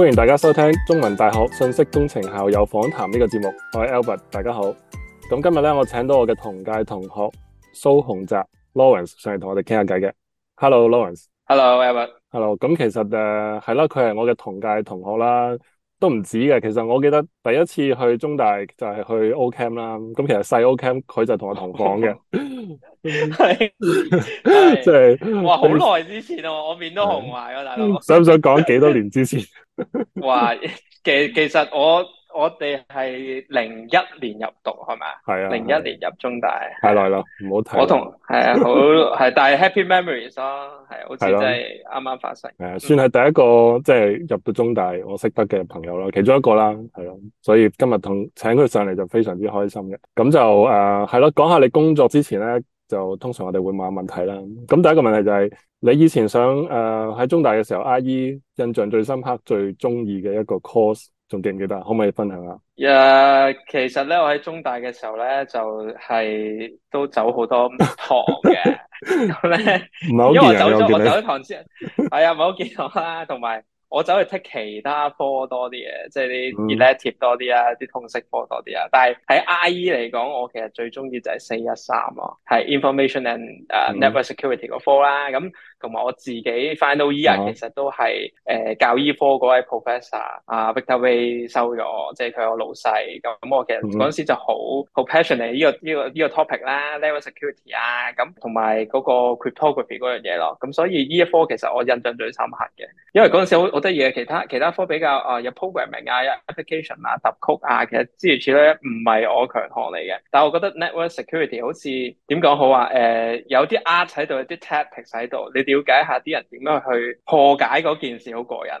歡迎大家收聽中文大學信息工程校友訪談呢個節目，我係 Albert，大家好。咁今日咧，我請到我嘅同屆同學蘇鴻澤 Lorenz 上嚟同我哋傾下偈嘅。Hello Lorenz，Hello Albert，Hello。咁其實誒係啦，佢、呃、係我嘅同屆同學啦。都唔止嘅，其實我記得第一次去中大就係去 O Camp 啦，咁其實細 O Camp 佢就同我同房嘅，係即係哇好耐之前咯、啊，我面都紅埋咯，大佬 想唔想講幾多年之前？ 哇，其其實我。我哋係零一年入讀，係咪？係啊，零一年入中大，太耐啦，唔好睇。我同係啊，好係，但係 happy memories 咯、哦，係好似即係啱啱發生。係、啊嗯、算係第一個即係、就是、入到中大我識得嘅朋友啦，其中一個啦，係咯、啊。所以今日同請佢上嚟就非常之開心嘅。咁就誒係咯，講、啊啊、下你工作之前咧，就通常我哋會問下問題啦。咁第一個問題就係、是、你以前想誒喺、啊、中大嘅時候，IE、e, 印象最深刻、最中意嘅一個 course。仲記唔記得？可唔可以分享啊？誒，yeah, 其實咧，我喺中大嘅時候咧，就係、是、都走好多堂嘅。咁咧，因為走咗我走咗堂 之後，係、 哎、啊，唔係好健康啦。同埋我走去剔其他科多啲嘅，即係啲 elective 多啲啊，啲通識科多啲啊。但係喺 IE 嚟講，我其實最中意就係四一三啊，係 Information and 誒、uh, Network Security 嗰科啦。咁、hmm.。同埋我自己 final year 其實都係誒、呃、教醫科嗰位 professor 啊，啊 Victor 被收咗，即係佢個老細。咁我其實嗰陣時就好、嗯、passionate 呢、這個依、這個依、這個、這個、topic 啦，network security 啊，咁同埋嗰個 cryptography 嗰樣嘢咯。咁所以依一科其實我印象最深刻嘅，因為嗰陣時好好得意嘅。其他其他科比較、呃、ming, ation, 啊，有 programming 啊，有 application 啊，插曲啊，其實諸如此類唔係我強項嚟嘅。但係我覺得 network security 好似點講好啊？誒、呃，有啲 art 喺度，有啲 tactics 喺度，你。了解一下啲人點樣去破解件事，好過癮。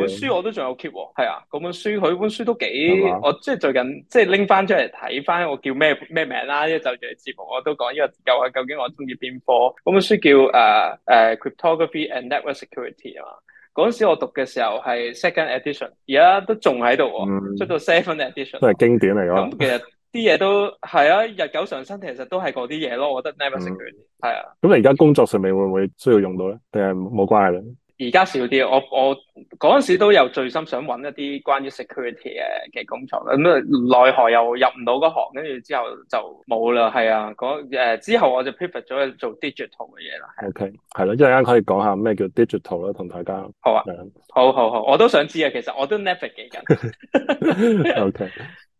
本書我都仲有 keep 喎，係啊，本書佢本書都幾吧、就是，我即係最近即係拎翻出嚟睇翻，我叫咩咩名啦，一就住節目我都講，因為究竟究竟我中意邊科？本書叫誒誒、uh, uh, cryptography and network security 啊嘛，嗰陣時我讀嘅時候係 second edition，而家都仲喺度喎，出、嗯、到 seventh edition 都係經典嚟㗎。咁其實啲嘢都係啊，日久常新，其實都係嗰啲嘢咯。我覺得 network security 係、嗯、啊。咁你而家工作上面會唔會需要用到咧？定係冇關係咧？而家少啲，我我嗰陣時都有最心想揾一啲關於 security 嘅嘅工作，咁啊奈何又入唔到嗰行，跟住之後就冇啦。係啊，嗰之後我就 prefer 咗去做 digital 嘅嘢啦。O K，係咯，一陣間可以講下咩叫 digital 咯，同大家。好啊，啊好，好，好，我都想知啊，其實我都 never 幾緊。O K。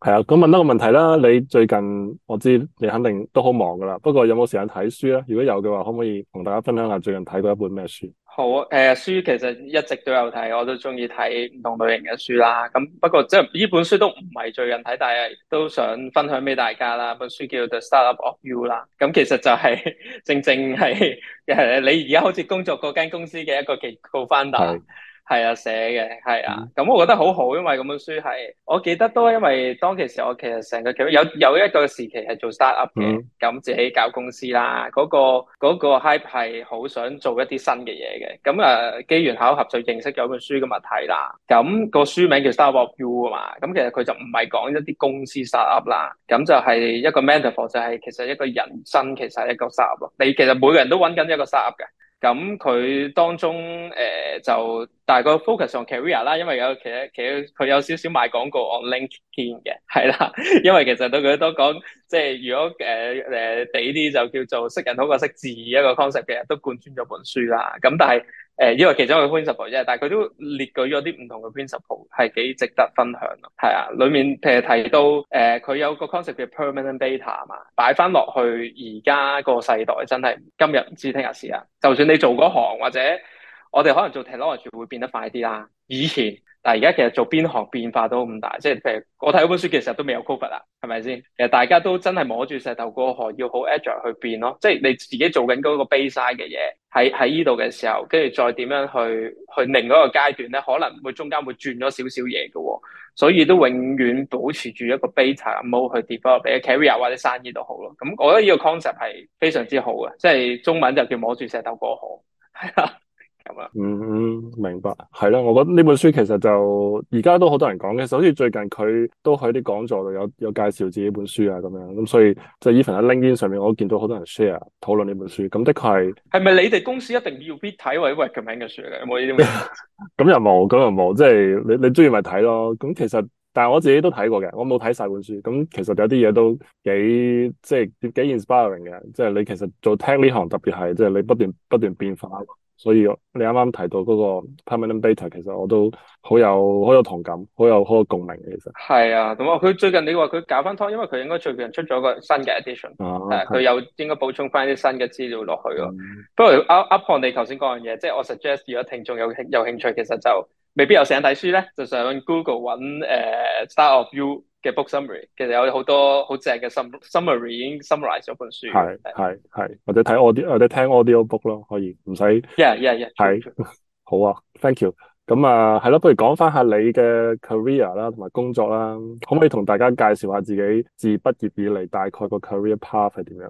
係啊，咁問多個問題啦。你最近我知你肯定都好忙噶啦，不過有冇時間睇書啊？如果有嘅話，可唔可以同大家分享下最近睇過一本咩書？好啊，誒、呃，書其實一直都有睇，我都中意睇唔同類型嘅書啦。咁不過即係呢本書都唔係最近睇，但係都想分享俾大家啦。本書叫做 The Startup of You 啦，咁其實就係、是、正正係誒你而家好似工作嗰間公司嘅一個機構 founder 係啊，寫嘅係啊，咁、嗯嗯、我覺得好好，因為咁本書係，我記得都因為當其時我其實成個其有有一個時期係做 startup 嘅，咁、嗯、自己搞公司啦，嗰、那個、那個 hype 係好想做一啲新嘅嘢嘅，咁啊機緣巧合就認識咗本書嘅物體啦，咁、嗯、個書名叫 Startup of You 啊嘛，咁、嗯、其實佢就唔係講一啲公司 startup 啦，咁、嗯、就係、是、一個 metaphor，就係其實一個人生其實係一個 startup 咯，你其實每個人都揾緊一個 startup 嘅。咁佢當中誒、呃、就，大概 focus on career 啦，因為有其實其實佢有少少賣廣告 on LinkedIn 嘅，係啦，因為其實對佢都講，即係如果誒誒俾啲就叫做識人好過識字一個 concept 嘅，其實都貫穿咗本書啦。咁但係。誒，因為其中一個 principle 啫，但係佢都列舉咗啲唔同嘅 principle，係幾值得分享咯。係啊，裡面譬如提到誒，佢、呃、有個 concept 叫 permanent beta 嘛，擺翻落去而家個世代真係今日唔知聽日事啊。就算你做嗰行或者。我哋可能做 technology 會變得快啲啦。以前，但係而家其實做邊行變化都咁大。即係譬如我睇一本書其實都未有 cover 啦，係咪先？其實大家都真係摸住石頭過河，要好 agile 去變咯。即係你自己做緊嗰個 base 嘅嘢喺喺呢度嘅時候，跟住再點樣去去另外一個階段咧，可能會中間會轉咗少少嘢嘅。所以都永遠保持住一個 beta mode 去 develop 嘅 carrier 或者生意都好咯。咁、嗯、我覺得呢個 concept 係非常之好嘅，即係中文就叫摸住石頭過河，係啊。嗯，嗯，明白，係啦。我覺得呢本書其實就而家都好多人講嘅。好似最近佢都喺啲講座度有有介紹自己本書啊，咁樣咁所以就 even 喺 LinkedIn 上面，我見到好多人 share 討論呢本書。咁的確係，係咪你哋公司一定要必睇或者搵咁名嘅書咧？有冇呢啲咁？又冇，咁又冇，即係你你中意咪睇咯。咁其實但係我自己都睇過嘅，我冇睇晒本書。咁其實有啲嘢都幾即係幾 inspiring 嘅，即係你其實做 IT 呢行特別，特別係即係你不斷不斷變化。所以你啱啱提到嗰個 Permanent Beta，其實我都好有好有同感，好有好有共鳴嘅其實。係啊，咁埋佢最近你話佢搞翻湯，因為佢應該最近出咗個新嘅 edition 但誒佢有應該補充翻啲新嘅資料落去咯。嗯、不過 Up Up 你頭先講嘢，即係我 suggest，如果聽眾有興有興趣，其實就未必有想睇書咧，就上 Google 揾誒、uh, Star of You 嘅 book summary 其實有好多好正嘅 summary summary 已經 summarize 咗本書，係係係，或者睇我啲或者聽 audio book 咯，可以唔使一一一。係好啊 thank you 咁啊係咯，不如講返下你嘅 career 啦同埋工作啦，可唔可以同大家介紹下自己自畢業以嚟大概個 career path 係點樣？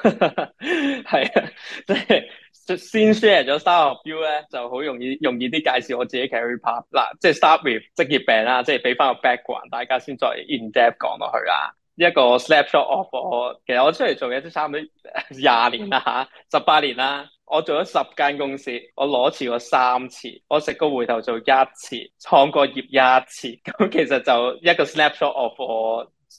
係啊，即係 先 share 咗三個 view 咧，就好容易容易啲介紹我自己 career path 嗱，即係 start with 職業病啦，即係俾翻個 background，大家先再 in depth 講落去啦。一個 snapshot of 我，其實我出嚟做嘢都差唔多廿年啦，啊，十八年啦，我做咗十間公司，我裸辭過三次，我食過回頭做一次，創過業一次，咁其實就一個 snapshot of 我。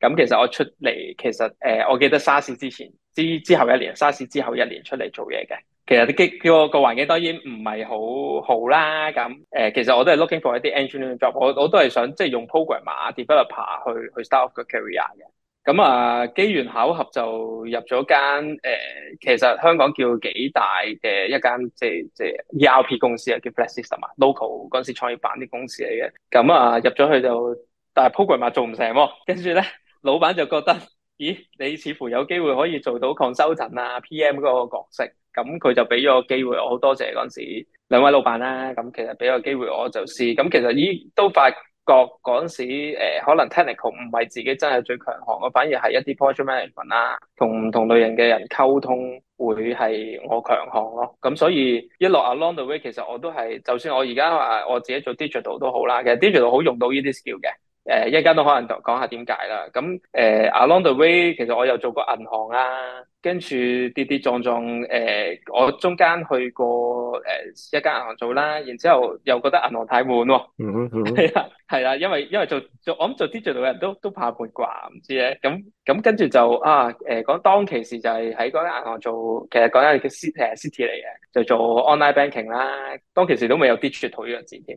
咁其實我出嚟其實誒、呃，我記得沙士之前之之後一年，沙士之後一年出嚟做嘢嘅。其實啲機個個環境當然唔係好好啦。咁誒、呃，其實我都係 looking for 一啲 engineering job，我我都係想即係、就是、用 programme 啊，developer 去去 start 個 career 嘅。咁啊，機緣巧合就入咗間誒，其實香港叫幾大嘅一間即即 ERP 公司，System, al，公司啊，叫 FlexSystem 嘛，local 嗰陣時創業板啲公司嚟嘅。咁啊，入咗去就但係 programme 做唔成喎，跟住咧。老闆就覺得，咦，你似乎有機會可以做到 consulting 啊，PM 嗰個角色，咁佢就俾咗個機會我。好多謝嗰陣時兩位老闆啦、啊。咁其實俾個機會我就試。咁其實咦都發覺嗰陣時、呃，可能 technical 唔係自己真係最強項，我反而係一啲 project management 啊，同唔同類型嘅人溝通會係我強項咯、啊。咁所以一路 along the way，其實我都係，就算我而家話我自己做 digital 都好啦，其實 digital 好用到呢啲 skill 嘅。誒一陣間都可能講下點解啦，咁誒、呃、Along the way 其實我又做過銀行啊，跟住跌跌撞撞誒，我中間去過誒、呃、一間銀行做啦，然之後又覺得銀行太悶喎、哦，係啦、mm hmm. 因為因為做做我諗做 digital 嘅人都都怕悶啩，唔知咧，咁咁跟住就啊誒講、呃、當其時就係喺嗰間銀行做，其實嗰間叫 City 係 City 嚟嘅，就做 online banking 啦，當其時都未有 digital 呢樣嘢。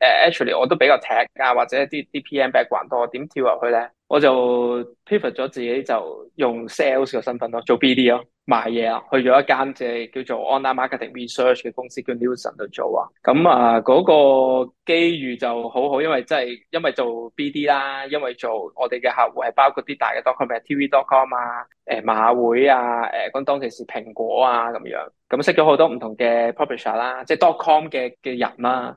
誒，actually 我都比較 tech 啊，或者啲啲 PM background 多。點跳入去咧？我就 pivot 咗自己就用 sales 嘅身份咯，做 BD 咯，賣嘢啊。去咗一間即係叫做 Online Marketing Research 嘅公司，叫 Newson 度做啊。咁啊，嗰、呃那個機遇就好好，因為真係因為做 BD 啦，因為做, d, 因為做我哋嘅客戶係包括啲大嘅 dotcom 啊，TV dotcom 啊、呃，誒馬會啊，誒、呃、咁當其時係蘋果啊咁樣，咁識咗好多唔同嘅 publisher 啦，即係 dotcom 嘅嘅人啦。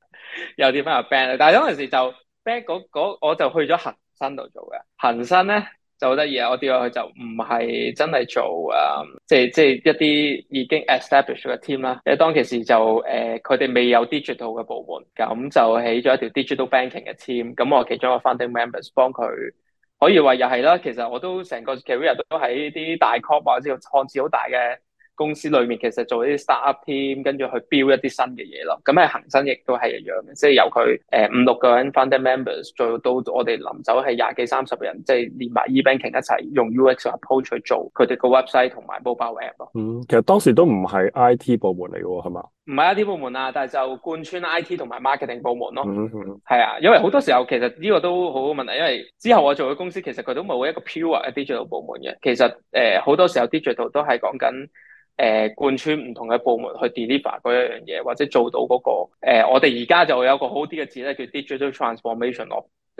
又跌翻又 ban 啦，但係嗰陣時就 ban 嗰嗰，我就去咗恒生度做嘅。恒生咧就好得意啊，我調落去就唔係真係做啊，呃，即係即係一啲已經 establish 嘅 team 啦。喺當其時就誒，佢哋未有 digital 嘅部門，咁就起咗一條 digital banking 嘅 team。咁我其中一個 funding members 幫佢，可以話又係啦。其實我都成個 career 都喺啲大 corp 或者創字好大嘅。公司裏面其實做一啲 startup team，跟住去 build 一啲新嘅嘢咯。咁喺恒生亦都係一樣嘅，即係由佢誒五六個人 founder members 做到我哋臨走係廿幾三十個人，即係連埋 e-banking 一齊用 UX approach 去做佢哋個 website 同埋 mobile app 咯。嗯，其實當時都唔係 IT 部門嚟㗎喎，係嘛？唔係一啲部門啊，但係就貫穿 IT 同埋 marketing 部門咯。係、mm hmm. 啊，因為好多時候其實呢個都好好問題，因為之後我做嘅公司其實佢都冇一個 pure 嘅 digital 部門嘅。其實誒好、呃、多時候 digital 都係講緊誒貫穿唔同嘅部門去 deliver 嗰一樣嘢，或者做到嗰、那個、呃、我哋而家就有一個好啲嘅字咧，叫 digital transformation 咯。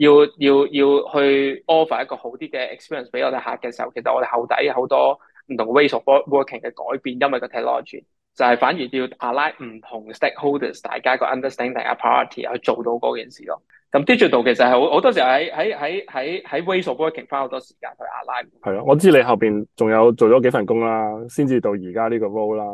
要要要去 offer 一個好啲嘅 experience 俾我哋客嘅時候，其實我哋後底有好多唔同 ways of working 嘅改變，因為個 technology 就係、是，反而要 align 唔同 stakeholders，大家個 understanding 啊、priority 去做到嗰件事咯。咁 digital 其實係好多時候喺喺喺喺喺 ways of working 花好多時間去 align。係咯，我知你後邊仲有做咗幾份工啦，先至到而家呢個 role 啦。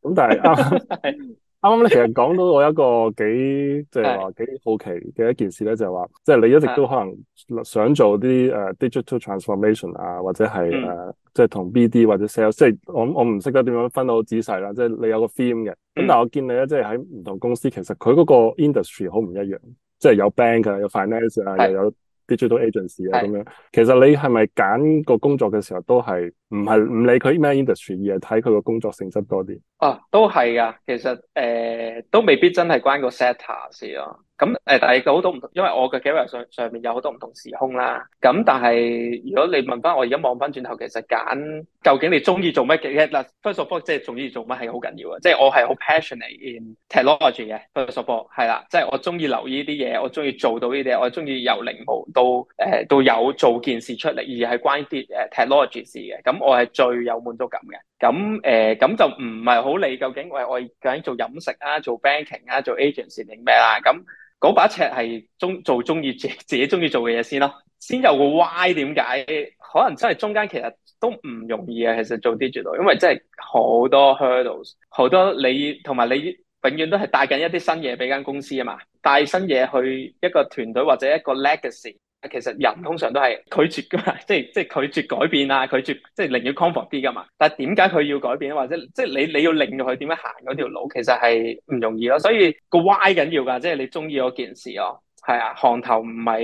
咁但係啱啱咧，其實講到我一個幾即係話幾好奇嘅一件事咧，就係話，即係你一直都可能想做啲誒、uh, digital transformation 啊，或者係誒即係同 BD 或者 sales，即係我我唔識得點樣分到好仔細啦。即係你有個 theme 嘅，咁但係我見你咧，即係喺唔同公司，其實佢嗰個 industry 好唔一樣，即係有 bank 啊，有 finance 啊，又有。有啲最 Digital 是多 agency 啊咁樣，其實你係咪揀個工作嘅時候都係唔係唔理佢咩 industry，而係睇佢個工作性質多啲？啊、呃，都係噶，其實誒都未必真係關個 status 事、啊。咁誒，但係好多唔同，因為我嘅 gallery 上上面有好多唔同時空啦。咁但係如果你問翻我而家望翻轉頭，其實揀究竟你中意做乜嘅？嗱，first of all 即係中意做乜係好緊要嘅。即係我係好 passionate in technology 嘅，first of all 係啦，即係我中意留意啲嘢，我中意做到呢啲嘢，我中意由零毫到誒、呃、到有做件事出嚟，而係關啲誒 technology 事嘅。咁我係最有滿足感嘅。咁誒，咁就唔係好理究竟喂我究竟做飲食啊，做 banking 啊，做 agents 定咩啦？咁嗰把尺係中做中意自自己中意做嘅嘢先咯，先有個 why？點解？可能真係中間其實都唔容易啊。其實做 digital，因為真係好多 hurdles，好多你同埋你永遠都係帶緊一啲新嘢俾間公司啊嘛，帶新嘢去一個團隊或者一個 legacy。其實人通常都係拒絕噶嘛，即係即係拒絕改變啊，拒絕即係寧願 comfort 啲噶嘛。但係點解佢要改變啊？或者即係你你要令到佢點樣行嗰條路，其實係唔容易咯。所以個 why 緊要噶，即係你中意嗰件事咯。係啊，行頭唔係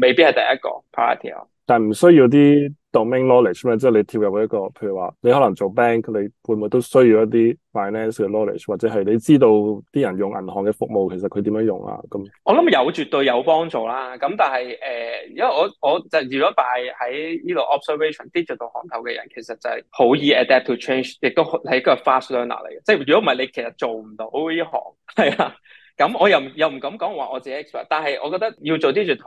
未必係第一個 party 咯，但唔需要啲。Domain knowledge 咩？即係你跳入一個，譬如話你可能做 bank，你會唔會都需要一啲 finance 嘅 knowledge，或者係你知道啲人用銀行嘅服務，其實佢點樣用啊？咁我諗有絕對有幫助啦。咁但係誒、呃，因為我我就如果擺喺呢度 observation digital 行頭嘅人，其實就係好易 adapt to change，亦都係一個 fast learner 嚟嘅。即係如果唔係，你其實做唔到呢行，係啊。 咁我又又唔敢講話我自己 expert，但係我覺得要做 digital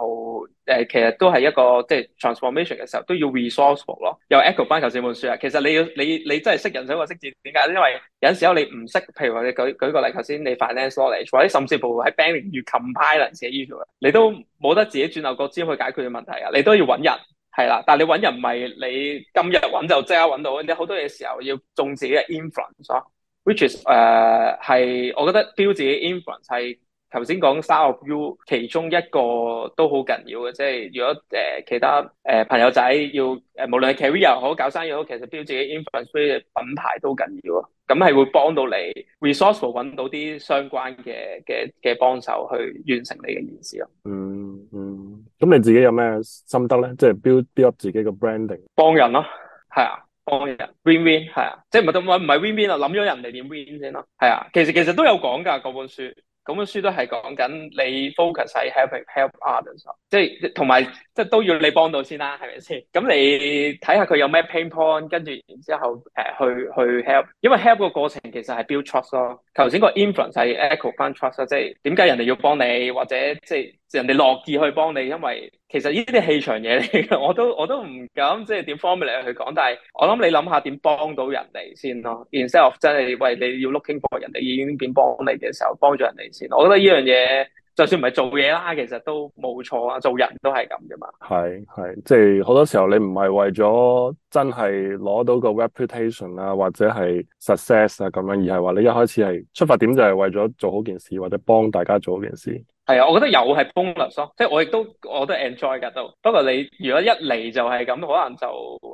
誒、呃，其實都係一個即係 transformation 嘅時候，都要 resourceful 咯。又 echo 翻頭先本書啊，其實你要你你真係識人想我識字點解？因為有陣時候你唔識，譬如話你舉舉個例頭先，你 finance knowledge，或者甚至乎喺 banking compliance 嘅 area 你都冇得自己轉牛角尖去解決嘅問題啊！你都要揾人係啦，但係你揾人唔係你今日揾就即刻揾到，你好多嘢時候要重視自己嘅 influence which is 係，我覺得 build 自己 influence，係頭先講三 of you 其中一個都好緊要嘅，即係如果誒其他誒朋友仔要誒無論係 career 又好搞生意又好，其實 build 自己 influence build 品牌都緊要，啊。咁係會幫到你 resourceful 揾到啲相關嘅嘅嘅幫手去完成你嘅件事咯。嗯嗯，咁你自己有咩心得咧？即係 build up 自己嘅 branding，幫人咯，係啊。幫人 win win 係啊，即係唔係唔係 win win 啊，諗咗人哋點 win 先咯，係啊，其實其實都有講噶，嗰本書，嗰本書都係講緊你 focus 喺 help help others 上，即係同埋即係都要你幫到先啦，係咪先？咁你睇下佢有咩 pain point，跟住然之後誒去去 help，因為 help 個過程其實係 build trust 咯，頭先個 influence 係 echo 翻 trust 咯，即係點解人哋要幫你或者即係人哋樂意去幫你，因為。.其實呢啲氣場嘢嚟嘅，我都我都唔敢即係點方便你去講。但係我諗你諗下點幫到人哋先咯。然之後，真係喂，你要 looking for 人哋已經點幫你嘅時候，幫咗人哋先。我覺得呢樣嘢。就算唔係做嘢啦，其實都冇錯啊！做人都係咁嘅嘛。係係，即係好多時候你唔係為咗真係攞到個 reputation 啊，或者係 success 啊咁樣，而係話你一開始係出發點就係為咗做好件事，或者幫大家做好件事。係啊，我覺得有係 bonus 咯、啊，即係我亦都我都 enjoy 噶都。不過你如果一嚟就係咁，可能就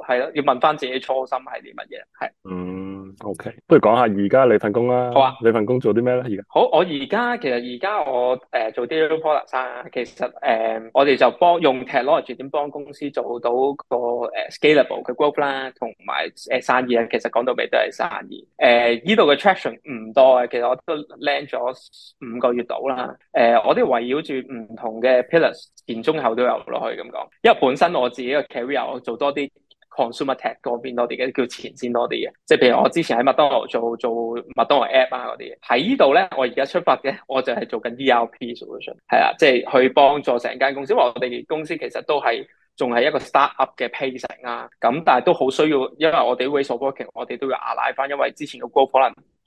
係咯，要問翻自己初心係啲乜嘢係。嗯。O、okay. K，不如講下而家你份工啦。好啊，你份工做啲咩咧？而家好，我而家其實而家我誒、呃、做啲 digital product 其實誒、呃、我哋就幫用 technology 點幫公司做到個誒 scalable 嘅 growth 啦，同埋誒生意啊，其實講到尾都係生意。誒、呃、呢度嘅 traction 唔多嘅，其實我都 land 咗五個月到啦。誒、呃、我都圍繞住唔同嘅 pillars 前中後都有落去咁講，因為本身我自己嘅 career 我做多啲。Consumer tech 嗰邊多啲嘅，叫前線多啲嘅，即係譬如我之前喺麥當勞做做麥當勞 app 啊嗰啲喺呢度咧，我而家出發嘅，我就係做緊 ERP solution，係啊，即係去幫助成間公司，因為我哋公司其實都係仲係一個 startup 嘅 p 階段啊，咁但係都好需要，因為我哋 working，我哋都要拉拉翻，因為之前個 goal 可能。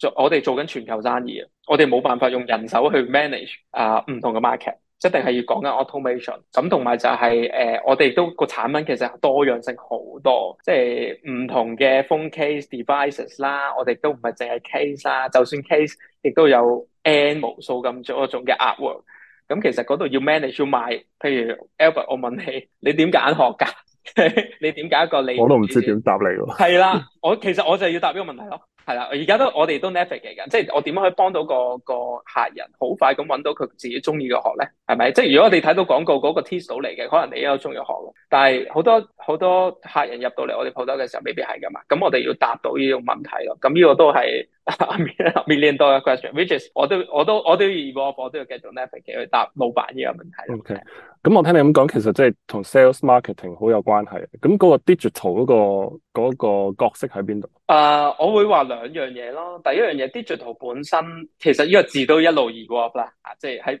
我做我哋做緊全球生意啊！我哋冇辦法用人手去 manage 啊唔同嘅 market，一定係要講緊 automation、就是。咁同埋就係誒，我哋都個產品其實係多樣性好多，即係唔同嘅 phone case devices 啦。我哋都唔係淨係 case 啦，就算 case 亦都有 n 無數咁多種嘅 artwork 咁，嗯、其實嗰度要 manage 要賣，譬如 Albert，我問你，你點揀學噶？ 你點解一個你我都唔知點答你？係啦，我其實我就要答呢個問題咯。係啦，而家都我哋都 Netflix 嚟嘅，即係我點樣可以幫到個個客人好快咁揾到佢自己中意嘅學咧？係咪？即係如果我哋睇到廣告嗰個 test 到嚟嘅，可能你都有中意學，但係好多好多客人入到嚟我哋鋪頭嘅時候，未必係噶嘛。咁我哋要答到呢種問題咯。咁呢個都係。 Million dollar question，which is，我都，我都，我都，如果我都要繼續 netflix 嘅，去答老闆呢個問題。咁 Okay. 是、嗯、我聽你咁講，其實即係同 sales marketing 好有關係。咁嗰個 digital 嗰、嗰個嗰個角色喺邊度？Uh, 我會話兩樣嘢囉。第一樣嘢，digital 本身其實呢個字都一路，evolve 啦，啊，即係。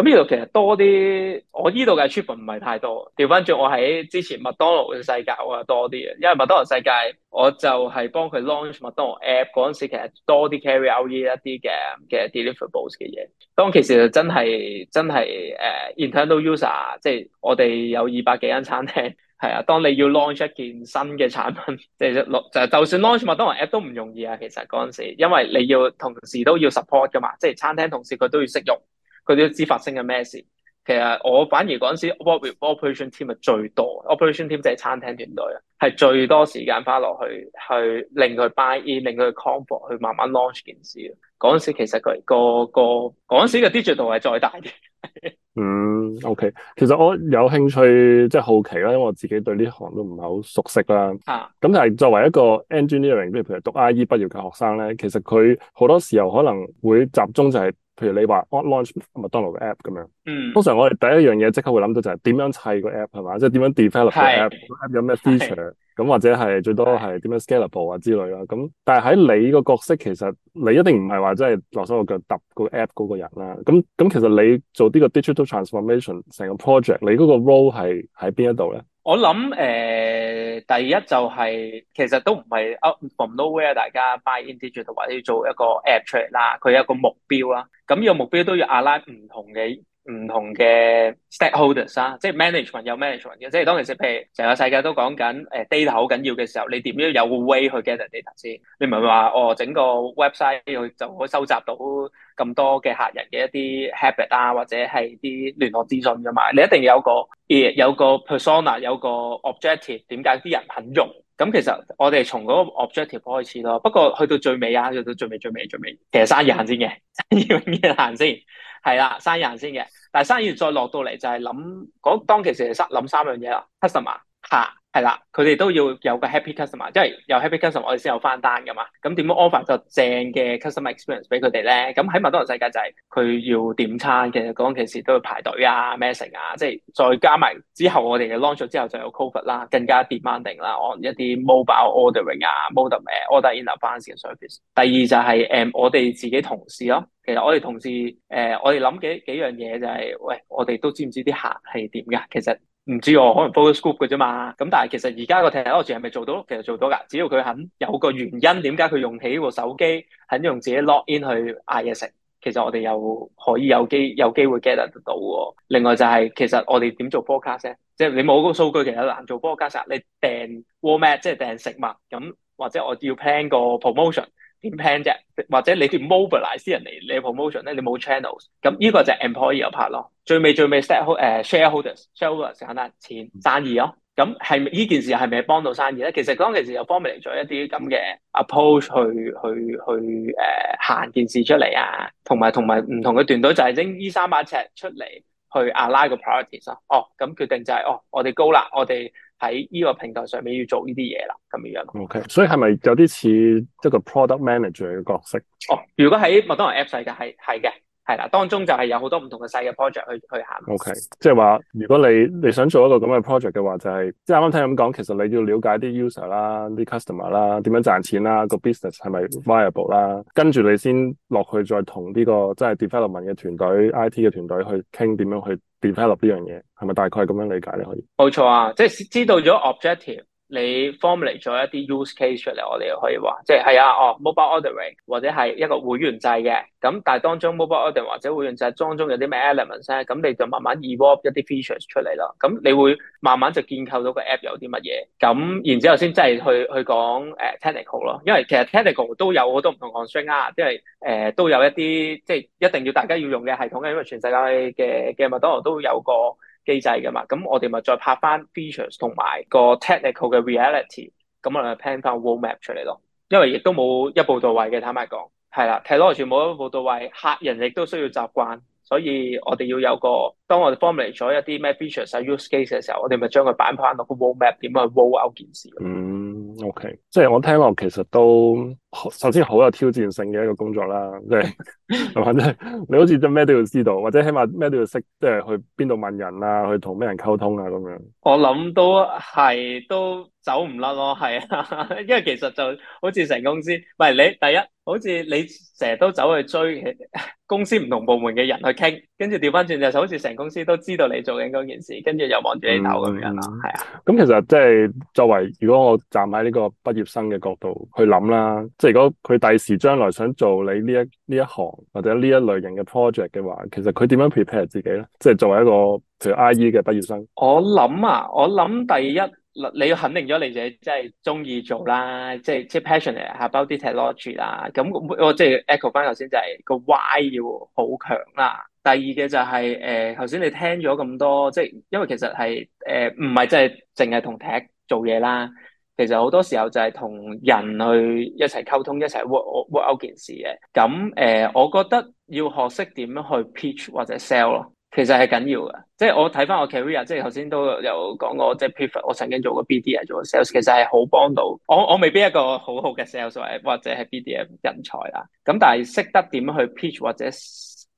咁呢度其實多啲，我呢度嘅 travel 唔係太多。調翻轉，我喺之前麥當勞嘅世界我又多啲嘅，因為麥當勞世界我就係幫佢 launch 麥當勞 app 嗰陣時，其，其實多啲 carry out 一啲嘅嘅 deliverables 嘅嘢。當其時真係真係誒、uh, internal user，即係我哋有二百幾間餐廳係啊。當你要 launch 一件新嘅產品，即係就就算 launch 麥當勞 app 都唔容易啊。其實嗰陣時，因為你要同時都要 support 噶嘛，即係餐廳同事佢都要識用。佢都知發生緊咩事？其實我反而嗰陣時 operation team 係最多 operation team 就係餐廳團隊啊，係最多時間花落去去令佢 buy in，令佢 comfort，去慢慢 launch 件事。嗰陣時其實佢、嗰個個嗰陣時嘅 detail 度係再大啲。 嗯，OK，其實我有興趣即係好奇啦，因為我自己對呢行都唔係好熟悉啦。嚇、啊！咁但係作為一個 engineering，譬如讀 IE 畢業嘅學生咧，其實佢好多時候可能會集中就係、是。譬如你話 on launch 麥當勞嘅 app 咁樣、嗯，通常我哋第一樣嘢即刻會諗到就係點樣砌個 app 係嘛是？即係點樣 develop 個 app？個 app 是有咩 feature？咁或者係最多係點樣 scalable 啊之類啦，咁但係喺你個角色其實你一定唔係話真係落手落腳揼、個 app 嗰個人啦，咁咁其實你做呢個 digital transformation 成個 project，你嗰個 role 係喺邊一度咧？我諗誒、呃，第一就係、是、其實都唔係 from nowhere，大家 buy in digital 或者做一個 app 出嚟啦，佢有一個目標啦，咁有目標都要 align 唔同嘅，唔同嘅 stakeholders 啊，即係 management 有 management 嘅，即係當其時，譬如成個世界都講緊，誒，呃，data 好緊要嘅時候，你點樣有個 way 去 get data 先？你唔係話哦，整個 website 佢就可以收集到咁多嘅客人嘅一啲 habit 啊，或者係啲聯絡資訊噶嘛？你一定要有個誒，有個 persona，有個 objective，點解啲人肯用？咁其實我哋從嗰個 objective 開始咯，不過去到最尾啊，去到最尾最尾最尾，最尾，其實生意行先嘅，生意永遠行先，係啦，生意行先嘅，但係生意再落到嚟就係諗嗰當其時係三諗三樣嘢啦，七十萬。嚇，係啦、啊，佢哋都要有個 happy customer，即係有 happy customer，我哋先有翻單噶嘛。咁點樣 offer 就正嘅 customer experience 俾佢哋咧？咁喺麥當勞世界就係佢要點餐嘅嗰陣時都要排隊啊、masking 啊，即係再加埋之後我哋嘅 launch 咗之後就有 COVID 啦，更加 demanding 啦。我一啲 mobile ordering 啊、modern order in advance service。第二就係、是、誒、呃、我哋自己同事咯，其實我哋同事誒、呃、我哋諗幾幾樣嘢就係、是，喂，我哋都知唔知啲客係點噶？其實。唔知哦，可能 focus group 嘅啫嘛，咁但係其實而家個 technology 係咪做到？其實做到噶，只要佢肯有個原因，點解佢用起呢個手機，肯用自己 login 去嗌嘢食，其實我哋又可以有機有機會 get 得到。另外就係、是、其實我哋點做 forecast 咧？即係你冇嗰個數據，其實難做 forecast。你訂 what 咩？Mat，即係訂食物咁，或者我要 plan 個 promotion。點 plan 啫？或者你哋 mobilize 人嚟你 promotion 咧？你冇 channels 咁，呢個就係 employer 拍咯。最尾最尾 set 好 shareholders，shareholders 簡單錢生意咯。咁係呢件事係咪幫到生意咧？其實當其時又 formulate 咗一啲咁嘅 approach 去去去誒行件事出嚟啊，同埋同埋唔同嘅團隊就係拎呢三把尺出嚟去 align 個 priorities 咯。哦，咁決定就係、是、哦，我哋高啦，我哋。喺呢個平台上面要做呢啲嘢啦，咁樣。OK，所以係咪有啲似一個 product manager 嘅角色？哦，如果喺麥當勞 App 世界係係嘅。係啦，當中就係有好多唔同嘅細嘅 project 去去行。O K，即係話如果你你想做一個咁嘅 project 嘅話，就係即係啱啱聽咁講，其實你要了解啲 user 啦，啲 customer 啦，點樣賺錢啦，個 business 係咪 viable 啦，跟住你先落去再同呢個即係 development 嘅團隊、I T 嘅團隊去傾點樣去 develop 呢樣嘢，係咪大概係咁樣理解咧？可以？冇錯啊，即係知道咗 objective。你 formulate 咗一啲 use case 出嚟，我哋可以話，即係係啊，哦，mobile ordering 或者係一個會員制嘅，咁但係當中 mobile ordering 或者會員制當中有啲咩 elements 咧？咁你就慢慢 evolve 一啲 features 出嚟咯，咁你會慢慢就建構到個 app 有啲乜嘢，咁然之後先真係去去講誒 technical 咯，因為其實 technical 都有好多唔同 constraint，即係誒都有一啲即係一定要大家要用嘅系統嘅，因為全世界嘅嘅麥當勞都有個。機制噶嘛，咁我哋咪再拍翻 features 同埋個 technical 嘅 reality，咁我哋 plan 翻個 road map 出嚟咯。因為亦都冇一步到位嘅，坦白講係啦，太多全部都一步到位，客人亦都需要習慣，所以我哋要有個當我哋 formulate 咗一啲咩 features 啊 use case 嘅時候，我哋咪將佢擺翻落個 road map，點去 roll out 件事。O.K. 即係我聽落，其實都首先好有挑戰性嘅一個工作啦。即係，反正 你好似即咩都要知道，或者起碼咩都要識，即係去邊度問人啊，去同咩人溝通啊咁樣。我諗都係都走唔甩咯，係啊， 因為其實就好似成公司，喂，你第一。好似你成日都走去追公司唔同部門嘅人去傾，跟住調翻轉就好似成公司都知道你做緊嗰件事，跟住又望住你鬧咁樣咯，係、嗯嗯、啊。咁其實即係作為如果我站喺呢個畢業生嘅角度去諗啦，即係如果佢第時將來想做你呢一呢一行或者呢一類型嘅 project 嘅話，其實佢點樣 prepare 自己咧？即係作為一個做 IE 嘅畢業生，我諗啊，我諗第一。嗱，你要肯定咗你自己即係中意做啦，即、就、係、是、即係 passion a t e 嚟吓，包啲 technology 啦。咁我即係 echo 翻頭先，就係、是、個、就是、why 要好強啦。第二嘅就係、是、誒，頭、呃、先你聽咗咁多，即係因為其實係誒唔係即係淨係同 t 踢做嘢啦。其實好多時候就係同人去一齊溝通，一齊 work work u t 件事嘅。咁誒、呃，我覺得要學識點樣去 pitch 或者 sell 咯。其實係緊要嘅，即係我睇翻我 career，即係頭先都有講過，即係 pivot 我曾經做過 B D 啊，做過 sales，其實係好幫到 我。我未必一個好好嘅 sales 或者係 B D M 人才啦，咁但係識得點去 pitch 或者。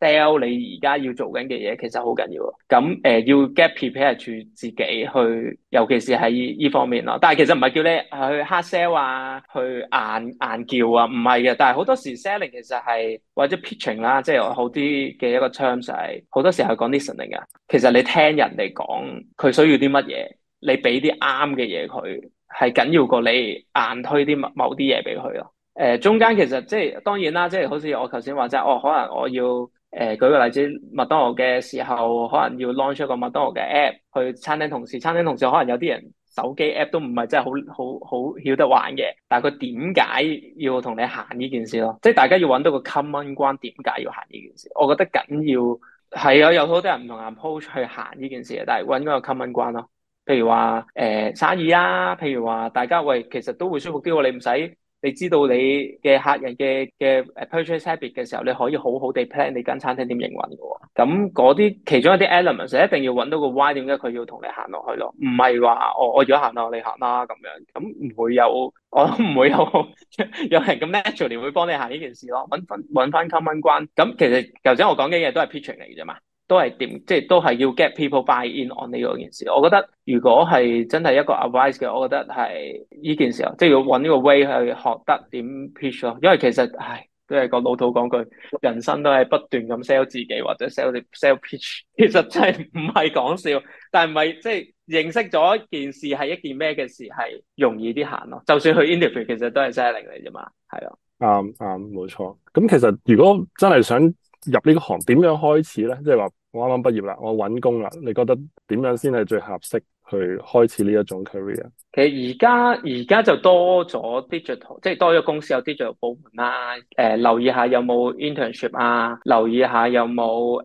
sell 你而家要做緊嘅嘢其實好緊要，咁誒、呃、要 get prepared 住自己去，尤其是喺依方面咯。但係其實唔係叫你去 hard sell 啊，去硬硬叫啊，唔係嘅。但係好多時 selling 其實係或者 pitching 啦、啊，即係好啲嘅一個 terms 係、就是，好多時候講 listening 啊。其實你聽人哋講佢需要啲乜嘢，你俾啲啱嘅嘢佢係緊要過你硬推啲某啲嘢俾佢咯。誒、呃，中間其實即係當然啦，即係好似我頭先話齋，我、哦、可能我要。誒舉個例子，麥當勞嘅時候可能要 launch 一個麥當勞嘅 app 去餐廳，同時餐廳同事可能有啲人手機 app 都唔係真係好好好曉得玩嘅，但係佢點解要同你行呢件事咯？即係大家要揾到個 common 關點解要行呢件事，我覺得緊要係啊，有好多人唔同 approach 去行呢件事啊，但係揾嗰個 common 關咯，譬如話誒、呃、生意啊，譬如話大家喂，其實都會舒服啲你唔使，你知道你嘅客人嘅嘅誒 purchase habit 嘅時候，你可以好好地 plan 你間餐廳點營運㗎喎。咁嗰啲其中一啲 elements 一定要揾到個 why，點解佢要同你行落去咯？唔係話我我如果行落，你行啦咁樣，咁唔會有我唔會有 有人咁 naturally 會幫你行呢件事咯。揾翻揾翻 common ground。咁其實頭先我講嘅嘢都係 pitching 嚟嘅啫嘛。都係點，即係都係要 get people buy in on 呢個件事。我覺得如果係真係一個 advice 嘅，我覺得係呢件事啊，即係要揾呢個 way 去學得點 pitch 咯。因為其實唉，都係個老土講句，人生都係不斷咁 sell 自己或者 sell sell pitch。其實真係唔係講笑，但係唔係即係認識咗一件事係一件咩嘅事係容易啲行咯。就算去 interview，其實都係 selling 嚟啫嘛。係咯，啱啱冇錯。咁其實如果真係想入呢個行，點樣開始咧？即係話。我啱啱畢業啦，我揾工啦。你覺得點樣先係最合適去開始呢一種 career？其實而家而家就多咗 digital，即係多咗公司有 digital 部門啦。誒、呃，留意下有冇 internship 啊，留意下有冇誒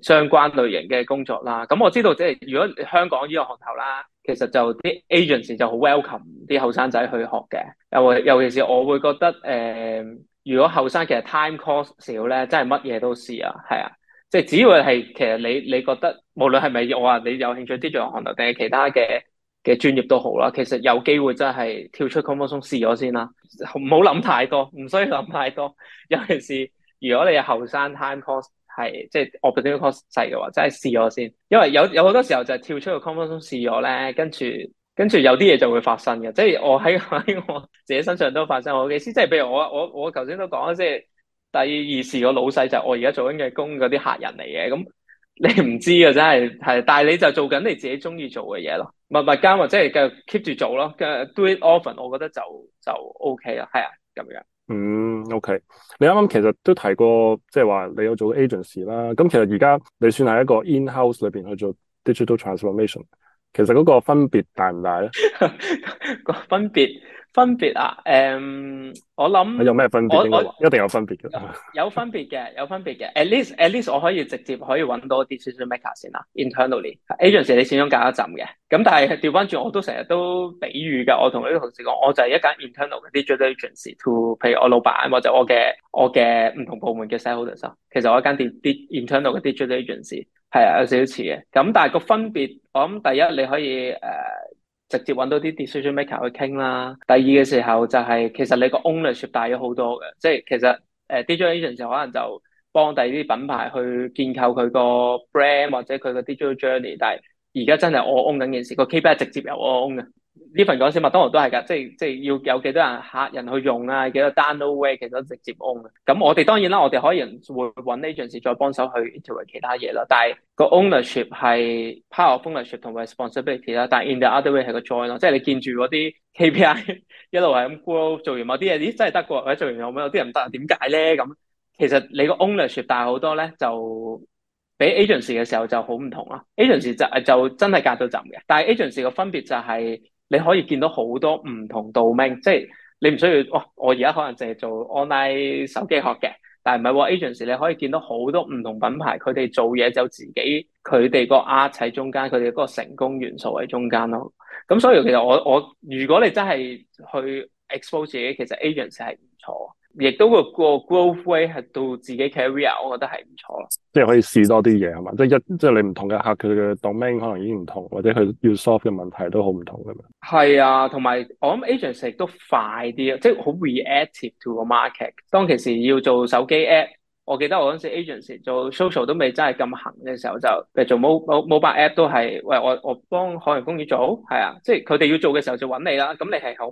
誒相關類型嘅工作啦。咁、嗯、我知道即係如果香港呢個行頭啦，其實就啲 agency 就好 welcome 啲後生仔去學嘅。又尤其是我會覺得誒、呃，如果後生其實 time cost 少咧，真係乜嘢都試啊，係啊。即係只要係，其實你你覺得無論係咪我話你有興趣 digital 行業定係其他嘅嘅專業都好啦，其實有機會真係跳出 comfort zone 試咗先啦，唔好諗太多，唔需要諗太多。有陣時如果你係後生 time cost 係，即係 operating cost 細嘅話，真係試咗先。因為有有好多時候就係跳出個 comfort zone 試咗咧，跟住跟住有啲嘢就會發生嘅。即係我喺喺我自己身上都發生我。我嘅意思即係譬如我我我頭先都講咗即係。第二時個老細就係我而家做緊嘅工嗰啲客人嚟嘅，咁你唔知啊，真係係，但係你就做緊你自己中意做嘅嘢咯，咪咪監，或者繼續 keep 住做咯，繼續 do it often，我覺得就就 OK 啦，係啊，咁樣。嗯，OK，你啱啱其實都提過，即係話你有做 agency 啦，咁其實而家你算係一個 in house 裏邊去做 digital transformation，其實嗰個分別大唔大咧？ 個分別。分別啊，誒、嗯，我諗有咩分別？我一定有分別嘅，有分別嘅，有分別嘅。At least，at least 我可以直接可以揾多啲 decision maker 先啦。Internally，agency 你始終隔一浸嘅，咁但係調翻轉，我都成日都比喻噶。我同呢啲同事講，我就係一間 internal 嘅 digital agency，to 譬如我老闆或者我嘅我嘅唔同部門嘅 stakeholders 其實我一間跌跌 internal 嘅 digital agency 係有少少似嘅，咁但係個分別，我諗第一你可以誒。呃直接揾到啲 decision maker 去傾啦第二嘅時候就係、是、其實你個 ownership 大咗好多嘅即係其實誒、uh, digital agency 就可能就幫第二啲品牌去建構佢個 brand 或者佢個 digital journey 但係而家真係我 own 緊件事、這個 kb 直接由我 own 嘅呢份講先，麥當勞都係噶，即係即係要有幾多人客人去用啊，幾多 download way，其實都直接 on。咁我哋當然啦，我哋可以會搵 agency 再幫手去 interpret 其他嘢啦。但係個 ownership 係 power of ownership 同埋 responsibility 啦，但係 in the other way 係個 join 咯，即係你見住嗰啲 KPI 一路係咁 grow，做完某啲嘢咦真係得嘅，或者做完有冇？有啲人唔得，點解咧？咁其實你個 ownership 大好多咧，就俾 agency 嘅時候就好唔同咯。agency 就就真係隔到浸嘅，但係 agency 個分別就係、是。你可以見到好多唔同 domain 即係你唔需要哇！我而家可能淨係做 online 手機殼嘅，但係唔係喎，agents 你可以見到好多唔同品牌，佢哋做嘢就自己佢哋個 art 喺中間，佢哋嗰個成功元素喺中間咯。咁所以其實我我如果你真係去 expose 自己，其實 agents 係唔錯。亦都個 growth way 係到自己 career 我覺得係唔錯咯。即係可以試多啲嘢，係嘛，即係一即係你唔同嘅客佢嘅 domain 可能已經唔同，或者佢要 solve 嘅問題都好唔同咁樣。係啊，同埋我諗 agency 都快啲，即係好 reactive to 個 market。當其時要做手機 app，我記得我嗰時 agency 做 social 都未真係咁行嘅時候，就誒做 mobile app 都係喂我我幫海洋公園做，係啊，即係佢哋要做嘅時候就揾你啦。咁你係好。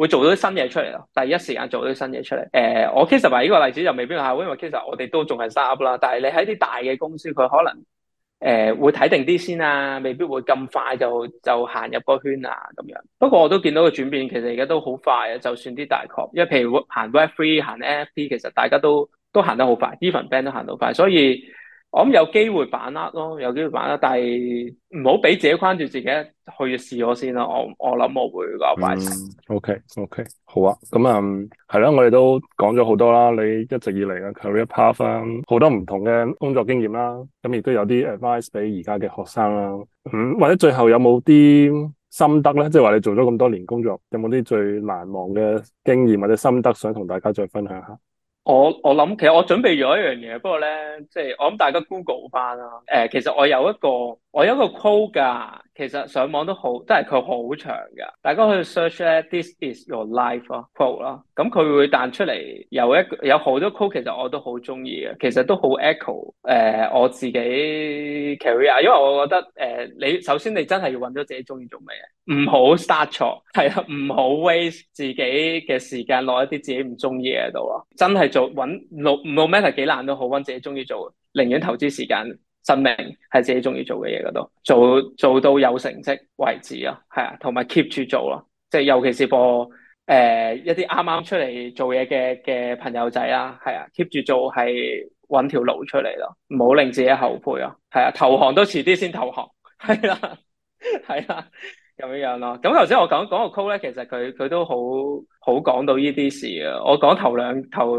會做到啲新嘢出嚟咯，第一時間做到啲新嘢出嚟。誒、呃，我其實話呢個例子就未必有效，因為其實我哋都仲係 start-up 啦。但係你喺啲大嘅公司，佢可能誒、呃、會睇定啲先啊，未必會咁快就就行入個圈啊咁樣。不過我都見到個轉變，其實而家都好快。啊。就算啲大 company 因為譬如行 Web3 行 NFT，其實大家都都行得好快，Even band 都行到快，所以。我諗有機會把握咯，有機會把握，但係唔好俾自己關注自己，去試我先咯。我我諗我會個 a O K O K，好啊。咁啊，係、嗯、啦，我哋都講咗好多啦。你一直以嚟嘅 career path 啊，好多唔同嘅工作經驗啦、啊，咁亦都有啲 advice 俾而家嘅學生啦、啊。嗯，或者最後有冇啲心得咧？即係話你做咗咁多年工作，有冇啲最難忘嘅經驗或者心得想同大家再分享下？我我諗其實我準備咗一樣嘢，不過咧，即係我諗大家 Google 翻啦。誒、呃，其實我有一個。我有一個 quote 㗎，其實上網都好，都係佢好長㗎。大家去 search 咧，This is your life 咯 quote 咯。咁佢會彈出嚟有一有好多 quote，其實我都好中意嘅。其實都好 echo 誒、呃，我自己 career，因為我覺得誒、呃，你首先你真係要揾到自己中意做咩嘢，唔好 start 錯，係啊，唔好 waste 自己嘅時間落一啲自己唔中意嘢度啊。真係做揾 no no matter 幾難都好，揾自己中意做，寧願投資時間。生命係自己鍾意做嘅嘢嗰度，做做到有成績為止咯，係啊，同埋 keep 住做咯，即係尤其是播誒、呃、一啲啱啱出嚟做嘢嘅嘅朋友仔啦，係啊，keep 住做係揾條路出嚟咯，唔好令自己後悔咯，係啊，投降都遲啲先投降，係啦，係啦，咁樣咯。咁頭先我講講個 call 咧，code，其實佢佢都好好講到呢啲事啊，我講頭兩頭。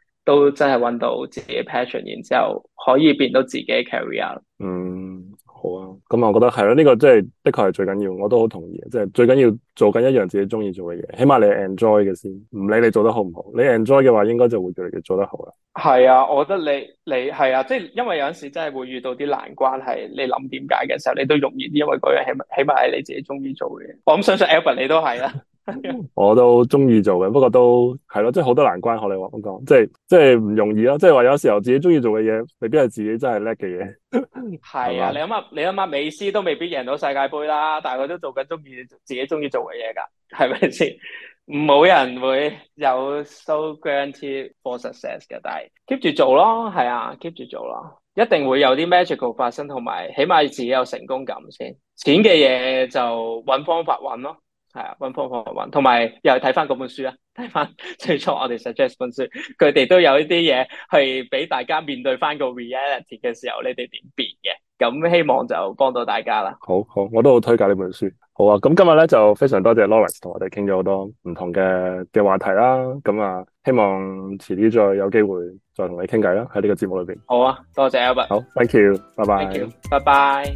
都真係揾到自己嘅 passion，然之後可以變到自己嘅 career。嗯，好啊，咁我覺得係咯，呢個真係的確係最緊要，我都好同意。即係最緊要做緊一樣自己中意做嘅嘢，起碼你 enjoy 嘅先，唔理你做得好唔好，你 enjoy 嘅話，應該就會越嚟越做得好啦。係啊，我覺得你你係啊，即係因為有陣時真係會遇到啲難關係，係你諗點解嘅時候，你都容易因為嗰樣起起碼係你自己中意做嘅。我諗相信 Albert，你都係啦。 我都中意做嘅，不過都係咯，即係好多難關，學你話講，即係即係唔容易咯。即係話有時候自己中意做嘅嘢，未必係自己真係叻嘅嘢。係 啊，是是你諗下，你諗下，美斯都未必贏到世界杯啦，但係佢都做緊中意自己中意做嘅嘢噶，係咪先？冇 人會有 so guarantee for success 嘅，但係 keep 住做咯，係啊，keep 住做咯，一定會有啲 magical 發生，同埋起碼自己有成功感先。錢嘅嘢就揾方法揾咯。係啊，揾方方同埋又睇翻嗰本書啊，睇翻最初我哋 suggest 本書，佢哋都有一啲嘢，去俾大家面對翻個 reality 嘅時候，你哋點變嘅？咁希望就幫到大家啦。好好，我都好推介呢本書。好啊，咁今日咧就非常多謝 Lorenz 同我哋傾咗好多唔同嘅嘅話題啦。咁啊，希望遲啲再有機會再同你傾偈啦，喺呢個節目裏邊。好啊，多謝 Albert。好，thank you，拜拜。thank you，拜拜。